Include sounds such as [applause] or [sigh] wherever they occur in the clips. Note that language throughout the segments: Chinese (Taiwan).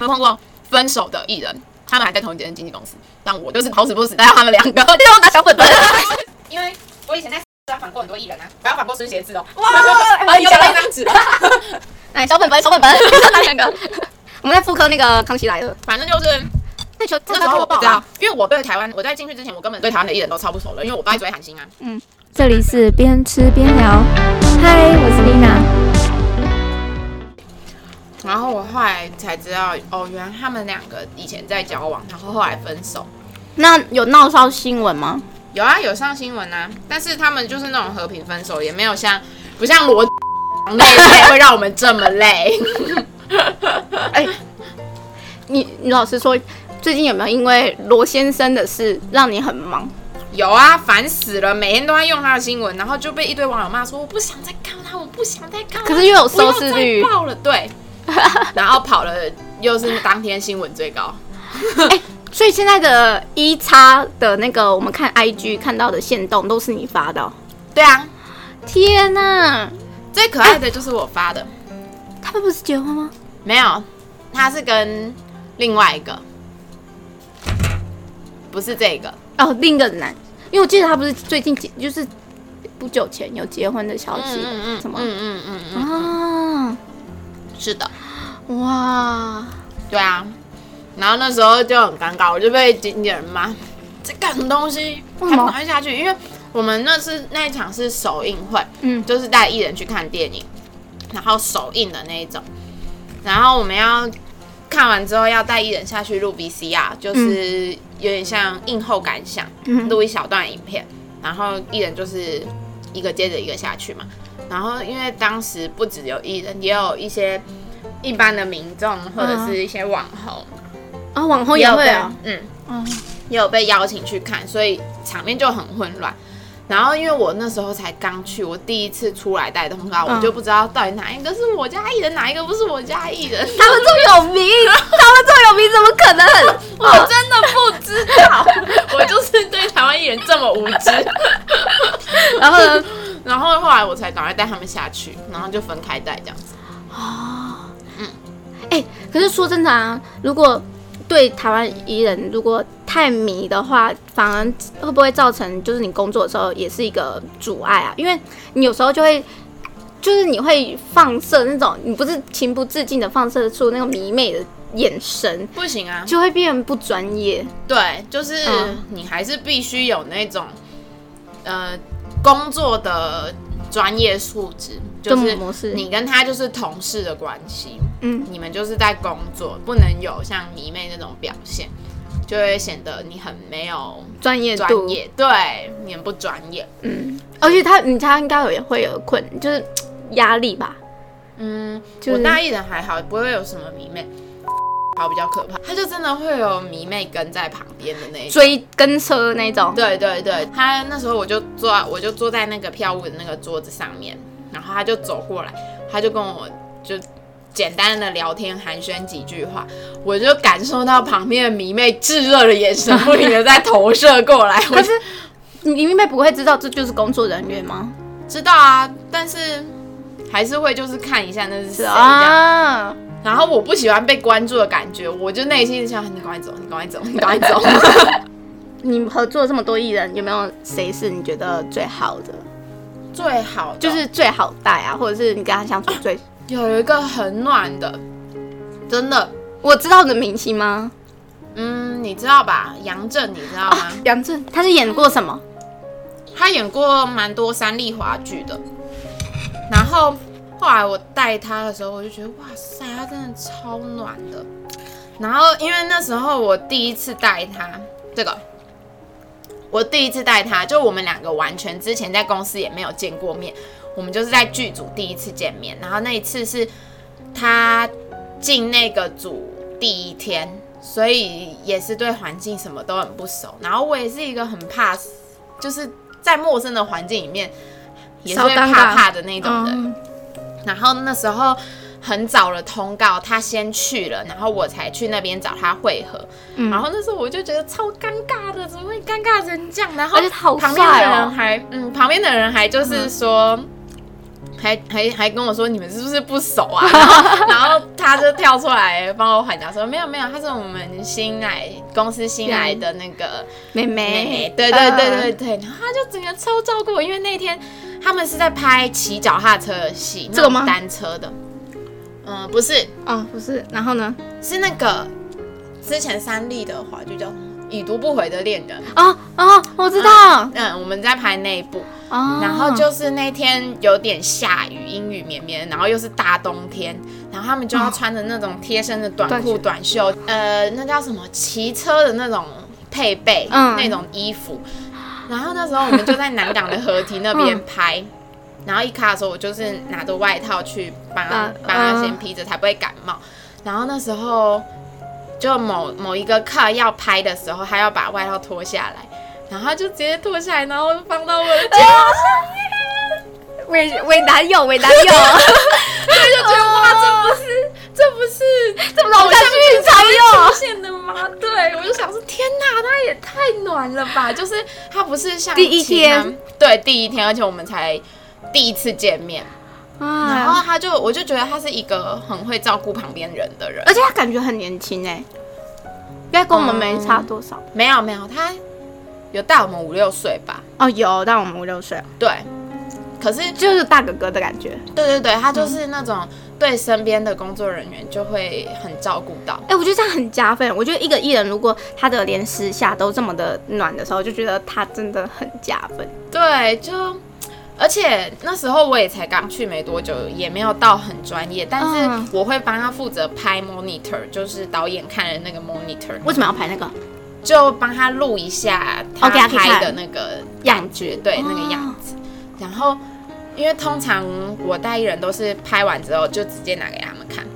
沒碰過分手的藝人，他們還在同一間經紀公司。但我就是好死不死，帶要他們兩個，帶我拿小本本。因為我以前在，要訪過很多藝人啊，不要訪過孫協志哦。哇， [laughs] 哎、又加了一張紙啊！哎，小本本，小本本，帶下兩個。我們在復刻那個康熙來了，反正就是。 [laughs] 那球，這個球我報了，因為我對台灣，我在進去之前，我根本對台灣的藝人都超不熟的，因為我不愛追韓星啊。嗯，這裡是邊吃邊聊，嗨，我是 Lina。然後我後來才知道，哦，原來他們兩個以前在交往，然後後來分手。那有鬧上新聞嗎？有啊，有上新聞啊。但是他們就是那種和平分手，也沒有像不像羅內內會讓我們這麼累。哎、 [laughs] 欸，你你老實說，最近有沒有因為羅先生的事讓你很忙？有啊，煩死了，每天都在用他的新聞，然後就被一堆網友罵說我不想再看他，我不想再看他。可是又有收視率爆了，對。 [laughs] 然後跑了，又是當天新聞最高。 [laughs] 哎，欸，所以現在的 EX 的那個，我們看 IG 看到的限動都是你發的喔。對啊，天哪，啊，最可愛的就是我發的。啊，他們不是結婚嗎？沒有，他是跟另外一個，不是這個哦，另一個男，因為我記得他不是最近結就是不久前有結婚的消息，嗯嗯，嗯，什麼？嗯嗯嗯，嗯，嗯，哦，啊，是的。哇、wow，對啊，然後那時候就很尷尬，我就被經紀人罵，在幹什麼東西，還不會下去？因為我們那是那一場是首映會，嗯，就是帶藝人去看電影，然後首映的那一種，然後我們要看完之後要帶藝人下去錄 VCR，就是有點像映後感想，錄一小段影片，然後藝人就是一個接着一個下去嘛，然後因為當時不止有藝人，也有一些。一般的民眾或者是一些網紅啊，oh. Oh, 網紅也會啊，有嗯，oh. 也有被邀請去看，所以場面就很混亂。然後因為我那時候才剛去，我第一次出來帶通告，oh. 我就不知道到底哪一個是我家藝人，哪一個不是我家藝人。他們這麼有, [laughs] 有名，他們這麼有名，怎麼可能？ [laughs] 我真的不知道，我就是對台灣藝人這麼無知。然後呢，然後後來我才趕快帶他們下去，然後就分開帶這樣子。哎、欸，可是說真的啊，如果對台灣藝人如果太迷的話，反而會不會造成就是你工作的時候也是一個阻礙啊？因為你有時候就會，就是你會放射那種你不是情不自禁的放射出那種迷妹的眼神，不行啊，就會變不專業。對，就是你還是必須有那種、嗯、呃工作的專業素質。就是你跟他就是同事的關係，嗯，你們就是在工作，不能有像迷妹那種表現，就會顯得你很沒有專業專業，對，你們不專業，嗯，而且他你他應該也會有困，就是壓力吧，嗯，我大一的還好，不會有什麼迷妹，好比較可怕，他就真的會有迷妹跟在旁邊的那種追跟車那種，嗯，對對對，他那時候我就坐在我就坐在那個票務的那個桌子上面。然後他就走過來，他就跟我就簡單的聊天寒暄幾句話，我就感受到旁邊的迷妹炙熱的眼神不停的在投射過來。可 [laughs] 是迷妹不會知道這就是工作人員嗎？知道啊，但是還是會就是看一下那是誰啊。然後我不喜歡被關注的感覺，我就內心想你趕快走，你趕快走，你趕快走。 [laughs] 你合作這麼多藝人，有沒有誰是你覺得最好的？最好就是最好帶啊，或者是你跟他相處最、啊、有一個很暖的，真的，我知道你的明星嗎？嗯，你知道吧？楊振，你知道嗎？楊、啊、振，他是演過什麼？嗯、他演過蠻多三立華劇的。然後後來我帶他的時候，我就覺得哇塞，他真的超暖的。然後因為那時候我第一次帶他，這個。我第一次帶他，就我們兩個完全，之前在公司也沒有見過面，我們就是在劇組第一次見面。然後那一次是他進那個組第一天，所以也是對環境什麼都很不熟。然後我也是一個很怕，就是在陌生的環境裡面也是會怕怕的那種的人，單單、嗯。然後那時候。很早的通告，他先去了，然後我才去那邊找他匯合、嗯。然後那時候我就覺得超尷尬的，怎麼會尷尬成這樣？然後旁邊的人還、而且他好帥哦，嗯，旁邊的人還就是說，嗯、還還還跟我說你們是不是不熟啊？然後， [laughs] 然後他就跳出來幫我緩頰說沒有沒有，他是我們新來公司新來的那個、嗯、妹，妹，妹妹。對對對對對、嗯，然後他就整個超照顧我，因為那天他們是在拍騎腳踏車的戲，騎、這個、單車的。嗯，不是，哦，不是，然後呢？是那個之前三立的話就叫《已讀不回的戀人》哦，哦我知道嗯，嗯，我們在拍那一部，哦，然後就是那天有點下雨，陰雨綿綿，然後又是大冬天，然後他們就要穿着那種貼身的短褲、哦、短袖，呃，那叫什麼騎車的那種配備，嗯，那種衣服，然後那時候我們就在南港的河堤那邊拍。嗯然後一卡的時候，我就是拿着外套去幫他、嗯，幫他先披着，才不會感冒。啊、然後那時候，就某某一個卡要拍的時候，他要把外套脫下來，然後就直接脫下來，然後放到我的腳、啊、上面。偽偽男友，偽男友，因 [laughs] 就覺得哇、啊，這不是，這不是，這，才有這不是偶像劇出現的嗎？對，我就想說，天哪，他也太暖了吧！ [laughs] 就是他不是像第一天，對，第一天，而且我們才。第一次見面，啊，然後他就，我就覺得他是一個很會照顧旁邊人的人，而且他感覺很年輕哎、欸，應該跟我們沒差多少，嗯、沒有沒有，他有大我們五六歲吧？哦，有大我們五六歲，對，可是就是大哥哥的感覺，對對對，他就是那種對身邊的工作人員就會很照顧到，哎、嗯欸，我覺得這樣很加分，我覺得一個藝人如果他的連私下都這麼的暖的時候，就覺得他真的很加分，對，就。而且那時候我也才剛去沒多久，也沒有到很專業，但是我會幫他負責拍 monitor，就是導演看的那個 monitor。為什麼要拍那個？就幫他錄一下他拍的那個樣子、okay, okay，對那個樣子。Oh. 然後因為通常我帶藝人都是拍完之後就直接拿給他們看，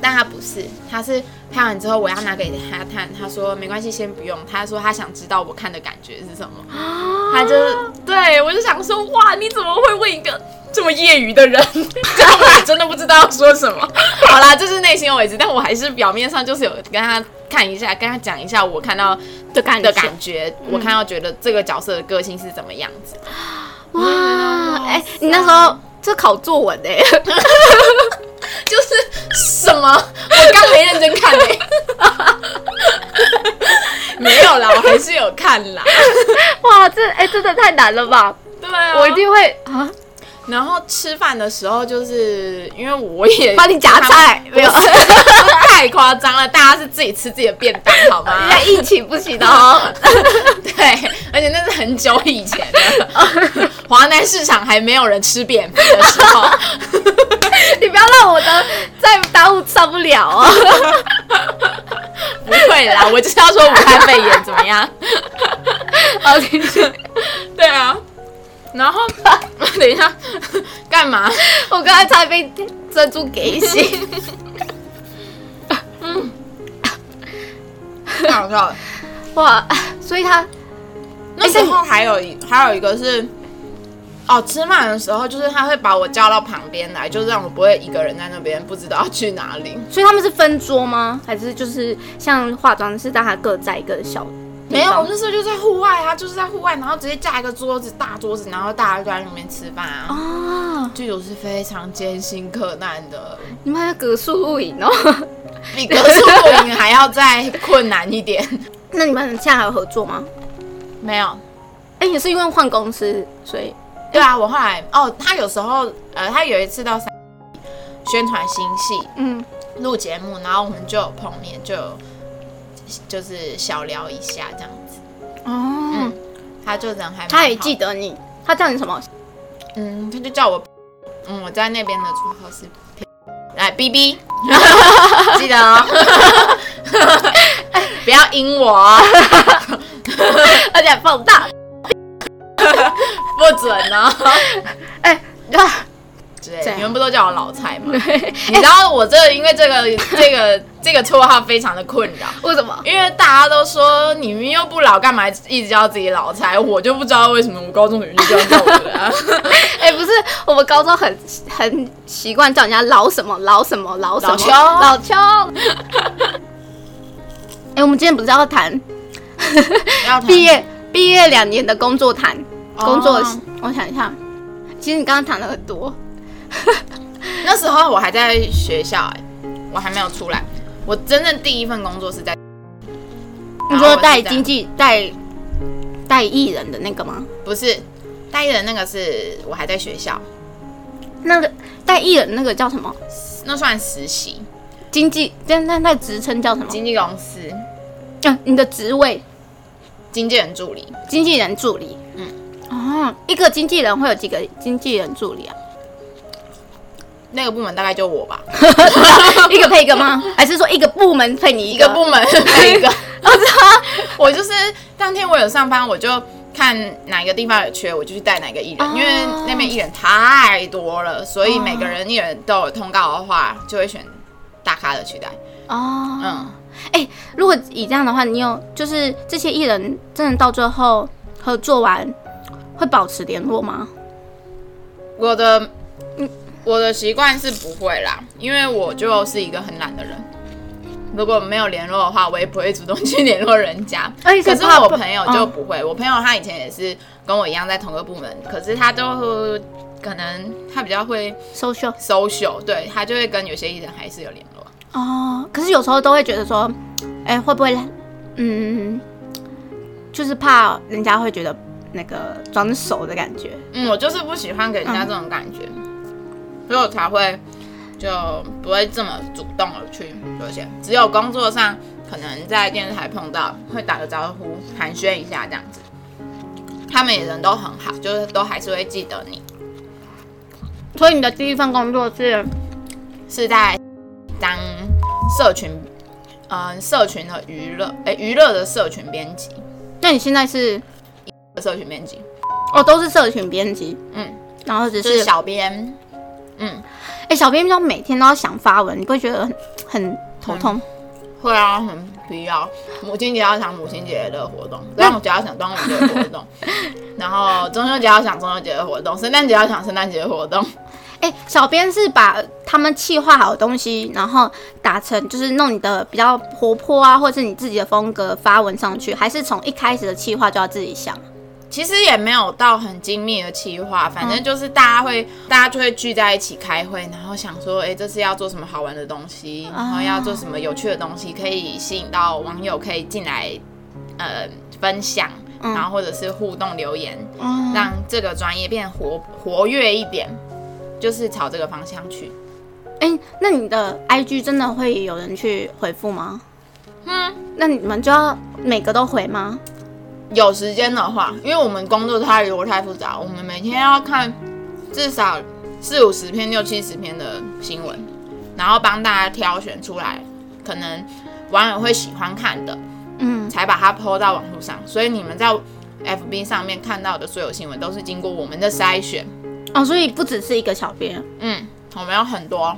但他不是，他是。看完之後，我要拿給他看。他說：“沒關係，先不用。”他說他想知道我看的感覺是什麼。他就對我就想說：“哇，你怎麼會問一個這麼業餘的人？” [laughs] 這樣真的不知道要說什麼。 [laughs] 好啦，這，就是內心委屈，但我還是表面上就是有跟他看一下，跟他講一下我看到的感的感覺，嗯。我看到覺得這個角色的個性是怎麼樣子。哇，哎、欸，你那時候這考作文的，欸。 [laughs] [laughs] 哇，這哎、欸、真的太難了吧？對、啊、我一定會啊。然後吃飯的時候，就是因為我也幫你夾菜，沒有太誇張了。 [laughs] 大家是自己吃自己的便當，好嗎？人家一起不起的哦。 [laughs] 對，而且那是很久以前的，華南市場還沒有人吃便當的時候。 [laughs] [laughs] 你不要讓我的再耽誤上不了啊！ [laughs] [laughs] 不會啦，我就是要說武漢肺炎怎麼樣？哦，對對啊，然後呢？等一下，幹嘛？我剛才差點被珍珠給洗。嗯，太好笑了！ [laughs] [laughs] [laughs] [laughs] [laughs] 哇，所以他那時候還有一、欸、還有一個是。哦，吃飯的時候就是他會把我叫到旁邊來，就是讓我不會一個人在那邊不知道去哪裡。所以他們是分桌嗎？還是就是像化妝師大家各在一個小？沒有，我那時候就在戶外、啊，他就是在戶外，然後直接架一個桌子，大桌子，然後大家在裡面吃飯。啊，這、哦、種是非常艱辛可難的。你們還要隔宿露營哦，比隔宿露營還要再困難一點。 [laughs] 那你們現在還有合作嗎？沒有。哎、欸，也是因為換公司，所以。嗯、對啊，我後來哦，他有時候，呃，他有一次到三，宣傳新戲，嗯，錄節目，然後我們就有碰面，就有就是小聊一下這樣子。哦，嗯、他就人還，他也記得你，他叫你什麼？嗯，他就叫我，嗯，我在那邊的綽號是來 BB， [laughs] [laughs] 記得哦， [laughs] [laughs] 不要陰我、哦，大 [laughs] 家放大。 [laughs] 不准呢，哦！哎、欸，啊，對，你們不都叫我老蔡嗎？你知道我這、欸、因為這個這個這個綽號非常的困擾。為什麼？因為大家都說你們又不老，幹嘛一直叫自己老蔡？我就不知道為什麼我們高中女生叫這的、啊。哎、欸，不是，我們高中很很習慣叫人家老什麼老什麼老什麼老邱老邱。哎、欸，我們今天不是要談畢 [laughs] 業畢業兩年的工作談？工作，oh. 我想一下。其實你剛剛談了很多。 [laughs] [laughs] 那時候我還在學校、欸，哎，我還沒有出來。我真正第一份工作是在你說帶經紀帶帶藝人的那個嗎？不是，帶藝人那個是我還在學校。那個帶藝人的那個叫什麼？那算實習。經紀，那那那職稱叫什麼？經紀公司。嗯，你的職位？經紀人助理。經紀人助理，嗯。啊、哦，一個經紀人會有幾個經紀人助理啊？那個部門大概就我吧， [laughs] 一個配一個嗎？ [laughs] 還是說一個部門配你一個，一個部門配一個？我知我就是當天我有上班，我就看哪一個地方有缺，我就去帶哪個藝人、哦，因為那邊藝人太多了，所以每個人藝人都有通告的話，就會選大咖的去帶。哦，嗯，哎、欸，如果以這樣的話，你有就是這些藝人真的到最後合作完？會保持聯絡嗎？我的，嗯，我的習慣是不會啦，因為我就是一個很懶的人。如果沒有聯絡的話，我也不會主動去聯絡人家、欸。可是我朋友就不會不、哦，我朋友他以前也是跟我一樣在同個部門，可是他都可能他比較會 social social 對他就會跟有些藝人還是有聯絡哦。可是有時候都會覺得說，哎、欸，會不會嗯，就是怕人家會覺得。那個裝熟的感覺，嗯，我就是不喜歡給人家這種感覺，嗯、所以我才會就不會這麼主動的去做些。只有工作上可能在電視台碰到，會打個招呼寒暄一下這樣子。他們也人都很好，就是都還是會記得你。所以你的第一份工作是是在當社群，嗯、呃，社群的娛樂，哎、欸，娛樂的社群編輯。那你現在是？社群編輯，哦，都是社群編輯，嗯，然後只是、就是、小編，嗯，哎、欸，小編要每天都要想發文，你不會覺得很很頭痛，會啊，很必要。母親節要想母親節的活動，端午節要想端午節的活動， [laughs] 然後中秋節要想中秋節的活動，聖誕節要想聖誕節的活動。哎、欸，小編是把他們企劃好的東西，然後打成就是弄你的比較活潑啊，或者是你自己的風格發文上去，還是從一開始的企劃就要自己想？其實也沒有到很精密的企劃，反正就是大家會、嗯，大家就會聚在一起開會，然後想說，哎、欸，這次要做什麼好玩的東西，然後要做什麼有趣的東西，可以吸引到網友可以進來，呃，分享，然後或者是互動留言，嗯、讓這個專業變活活躍一點，就是朝這個方向去。哎、欸，那你的 IG 真的會有人去回復嗎？嗯，那你們就要每個都回嗎？有時間的話，因為我們工作太多，如果太複雜，我們每天要看至少四五十篇、六七十篇的新聞，然後幫大家挑選出來，可能網友會喜歡看的，嗯，才把它拋到網絡上。所以你們在 FB 上面看到的所有新聞都是經過我們的篩選，哦，所以不只是一個小編，嗯，我們有很多，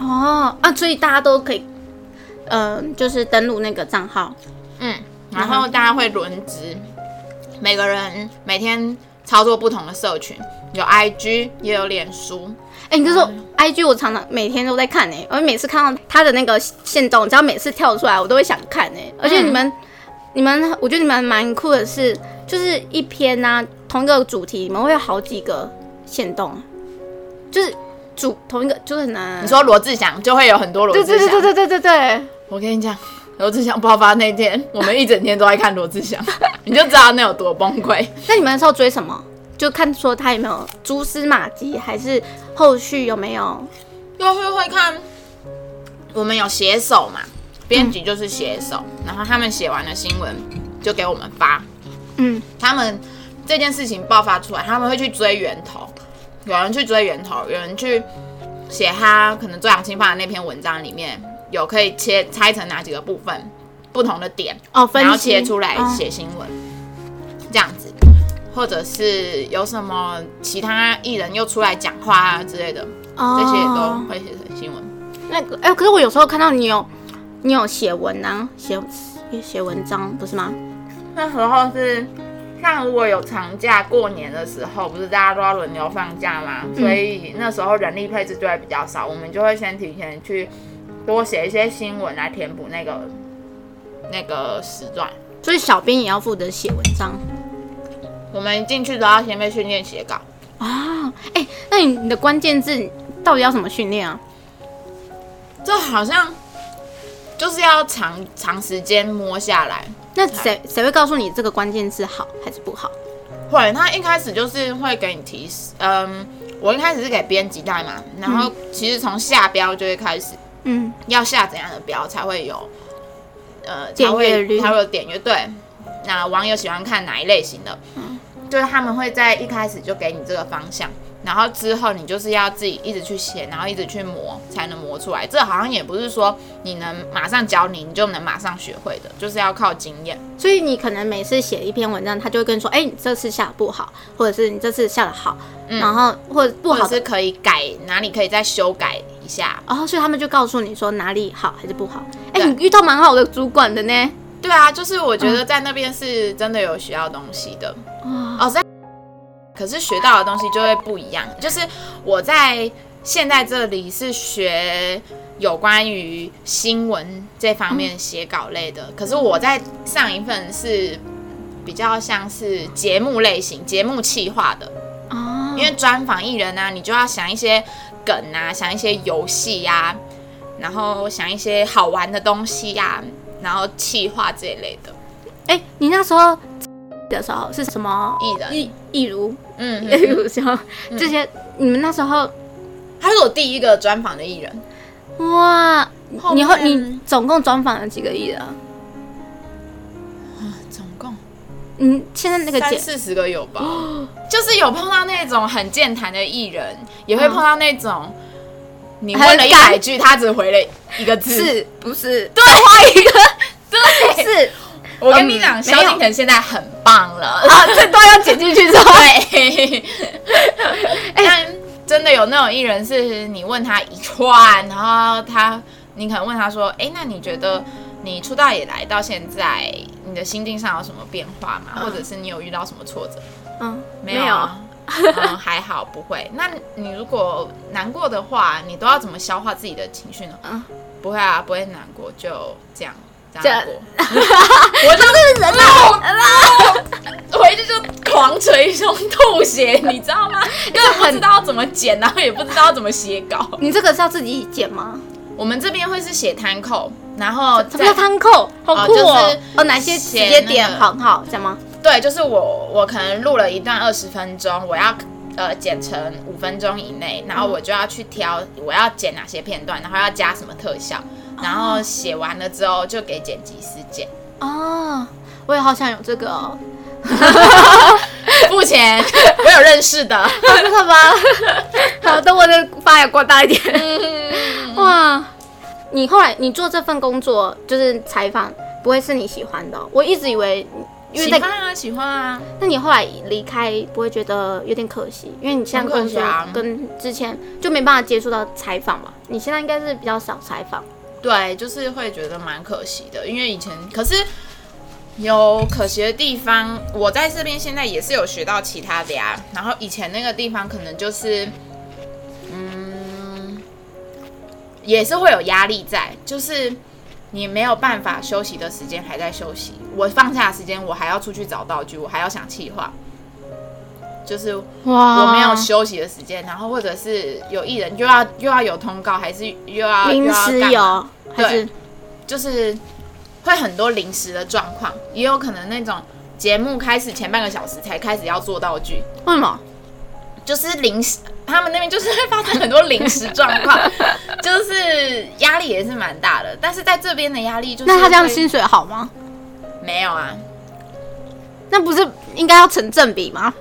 哦，啊，所以大家都可以，嗯、呃，就是登錄那個賬號，嗯。然後大家會輪值、嗯，每個人每天操作不同的社群，有 IG 也有臉書。哎、欸，你就說、嗯、IG，我常常每天都在看而、欸、我每次看到他的那個限動，只要每次跳出來，我都會想看呢、欸。而且你們、嗯，你們，我覺得你們蠻酷的是，就是一篇吶、啊、同一個主題，你們會有好幾個限動，就是主同一個就是很難、啊、你說羅志祥就會有很多羅志祥，對對，對對對對對對對，我跟你講。羅志祥爆發那天，我們一整天都在看羅志祥， [laughs] [laughs] 你就知道那有多崩潰。那你們那時候追什麼？就看說他有沒有蛛絲馬跡，還是後續有沒有？後會會看。我們有寫手嘛，編輯就是寫手、嗯，然後他們寫完了新聞就給我們發。嗯，他們這件事情爆發出來，他們會去追源頭，有人去追源頭，有人去寫他。可能周揚青發的那篇文章裡面。有可以切拆成哪幾個部分，不同的點哦分，然後切出來寫新聞，哦，這樣子，或者是有什麼其他藝人又出來講話啊之類的，哦，這些也都會寫成新聞。那個哎、欸，可是我有時候看到你有，你有寫文啊，寫寫文章不是嗎？那時候是，像如果有長假過年的時候，不是大家都要輪流放假嘛，所以那時候人力配置就會比較少，我們就會先提前去。多寫一些新聞來填補那個那個時段，所以小編也要負責寫文章。我們一進去都要先被訓練寫稿啊！哎、哦欸，那你你的關鍵字到底要怎麼訓練啊？這好像就是要長長時間摸下來。那誰誰會告訴你這個關鍵字好還是不好？會，他一開始就是會給你提示。嗯、呃，我一開始是給編輯帶嘛，然後其實從下標就會開始。嗯嗯，要下怎樣的標才會有，呃，才會，點閱率，他有點閱，對。那網友喜歡看哪一類型的？嗯，就是他們會在一開始就給你這個方向，然後之後你就是要自己一直去寫，然後一直去磨，才能磨出來。這好像也不是說你能馬上教你，你就能馬上學會的，就是要靠經驗。所以你可能每次寫一篇文章，他就會跟你說，哎、欸，你這次下不好，或者是你這次下的好，嗯，然後或者不好，是可以改哪裡可以再修改。下、哦，然後所以他們就告訴你說哪裡好還是不好。哎、欸，你遇到蠻好的主管的呢。對啊，就是我覺得在那邊是真的有學到東西的。嗯、哦，在，可是學到的東西就會不一樣。就是我在現在這裡是學有關於新聞這方面寫稿類的、嗯，可是我在上一份是比較像是節目類型節目企劃的。哦，因為專訪藝人啊，你就要想一些。梗啊，想一些遊戲呀，然後想一些好玩的東西呀、啊，然後企劃這一類的。哎、欸，你那時候的時候是什麼藝人？藝藝如，嗯，例如像、嗯、這些，你們那時候他是我第一個專訪的藝人。哇，後你後你總共專訪了幾個藝人？嗯，現在那個三四十個有吧？就是有碰到那種很健談的藝人，也會碰到那種、嗯、你問了一百句，他只回了一個字，是不是？對，換一個，真的不是。我跟你講，蕭敬騰現在很棒了，嗯、 [laughs] 這段要剪進去之後哎。哎， [laughs] 真的有那種藝人，是你問他一串，然後他你可能問他說：“哎、欸，那你覺得？”你出道以來到現在，你的心境上有什麼變化嗎、嗯？或者是你有遇到什麼挫折？嗯，沒有、啊 [laughs] 嗯，還好不會。那你如果難過的話，你都要怎麼消化自己的情緒呢？嗯，不會啊，不會難過，就這樣這樣過這 [laughs] 我、就是。我就是人肉人肉，回去就狂捶胸吐血，你知道嗎？因為不知道怎麼剪，然後也不知道怎麼寫稿。你這個是要自己剪嗎？我們這邊會是寫攤扣，然後什麼叫攤扣？好酷哦！呃就是、哦，哪些直接點橫號這樣嗎？對，就是我我可能錄了一段二十分鐘，我要呃剪成五分鐘以內，然後我就要去挑、嗯、我要剪哪些片段，然後要加什麼特效，嗯、然後寫完了之後就給剪輯師剪。哦、啊，我也好想有這個、哦，付 [laughs] 錢目前，我 [laughs] 有認識的，真、啊、的好的，等我的發揚光大一點。嗯哇，你後來你做這份工作就是採訪，不會是你喜歡的喔？我一直以為，因為，喜歡啊，喜歡啊。那你後來離開，不會覺得有點可惜？因為你現在跟之前，更更跟之前就沒辦法接觸到採訪嘛。你現在應該是比較少採訪。對，就是會覺得蠻可惜的，因為以前可是有可惜的地方。我在這邊現在也是有學到其他的呀啊。然後以前那個地方可能就是。也是會有壓力在，就是你沒有辦法休息的時間還在休息。我放假時間我還要出去找道具，我還要想企劃，就是哇，我沒有休息的時間。然後或者是有藝人又要又要有通告，還是又要臨時有又要，對，就是會很多臨時的狀況，也有可能那種節目開始前半個小時才開始要做道具。為什麼？就是臨時。他們那邊就是會發生很多臨時狀況， [laughs] 就是壓力也是蠻大的。但是在這邊的壓力就是，就那他這樣薪水好嗎？沒有啊，那不是應該要成正比嗎？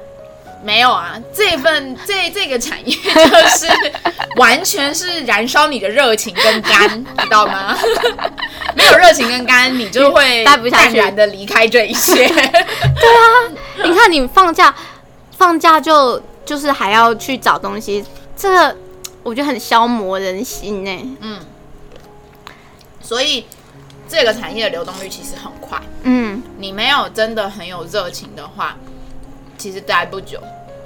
沒有啊，這份這這個產業就是完全是燃燒你的熱情跟肝， [laughs] 知道嗎？沒有熱情跟肝，你就會淡然的離開這一些。 [laughs] 對啊，你看你放假放假就。就是還要去找東西，這個我覺得很消磨人心呢、欸。嗯，所以這個產業的流動率其實很快。嗯，你沒有真的很有熱情的話，其實待不久。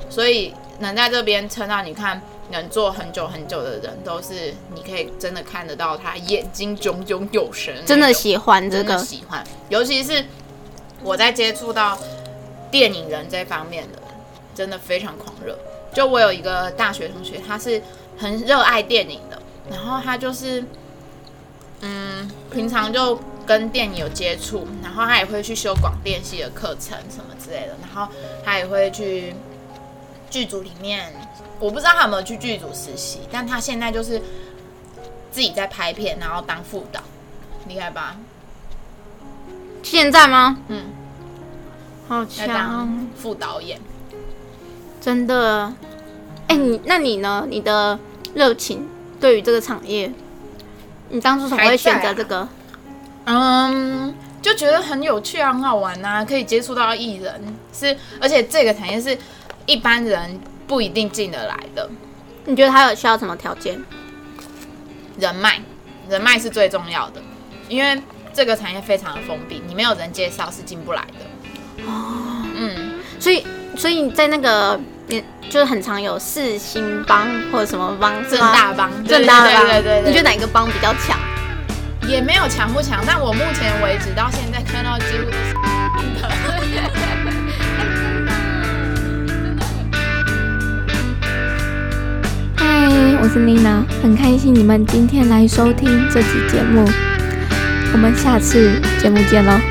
所以能在這邊撐到，你看能做很久很久的人，都是你可以真的看得到他眼睛炯炯有神，真的喜歡、這個，真的喜歡。尤其是我在接觸到電影人這方面的。真的非常狂熱。就我有一個大學同學，他是很熱愛電影的，然後他就是，嗯，平常就跟電影有接觸，然後他也會去修廣電系的課程什麼之類的，然後他也會去劇組裡面，我不知道他有沒有去劇組實習，但他現在就是自己在拍片，然後當副導，厲害吧？現在嗎？嗯，好強，當副導演。真的，哎，你那你呢？你的熱情對於這個產業，你當初怎麼會選擇這個？啊、嗯，就覺得很有趣啊，很好玩啊，可以接觸到藝人，是而且這個產業是一般人不一定進得來的。你覺得它有需要什麼條件？人脈，人脈是最重要的，因為這個產業非常的封閉，你沒有人介紹是進不來的。哦。所以，所以你在那個，就是很常有世新幫或者什麼幫、政大幫、政大幫，政大幫對對對對。你覺得哪個幫比較強？也沒有強不強，但我目前為止到現在看到幾乎都是正的。嗨， [laughs] 我是妮娜，很開心你們今天來收聽這期節目，我們下次節目見嘍。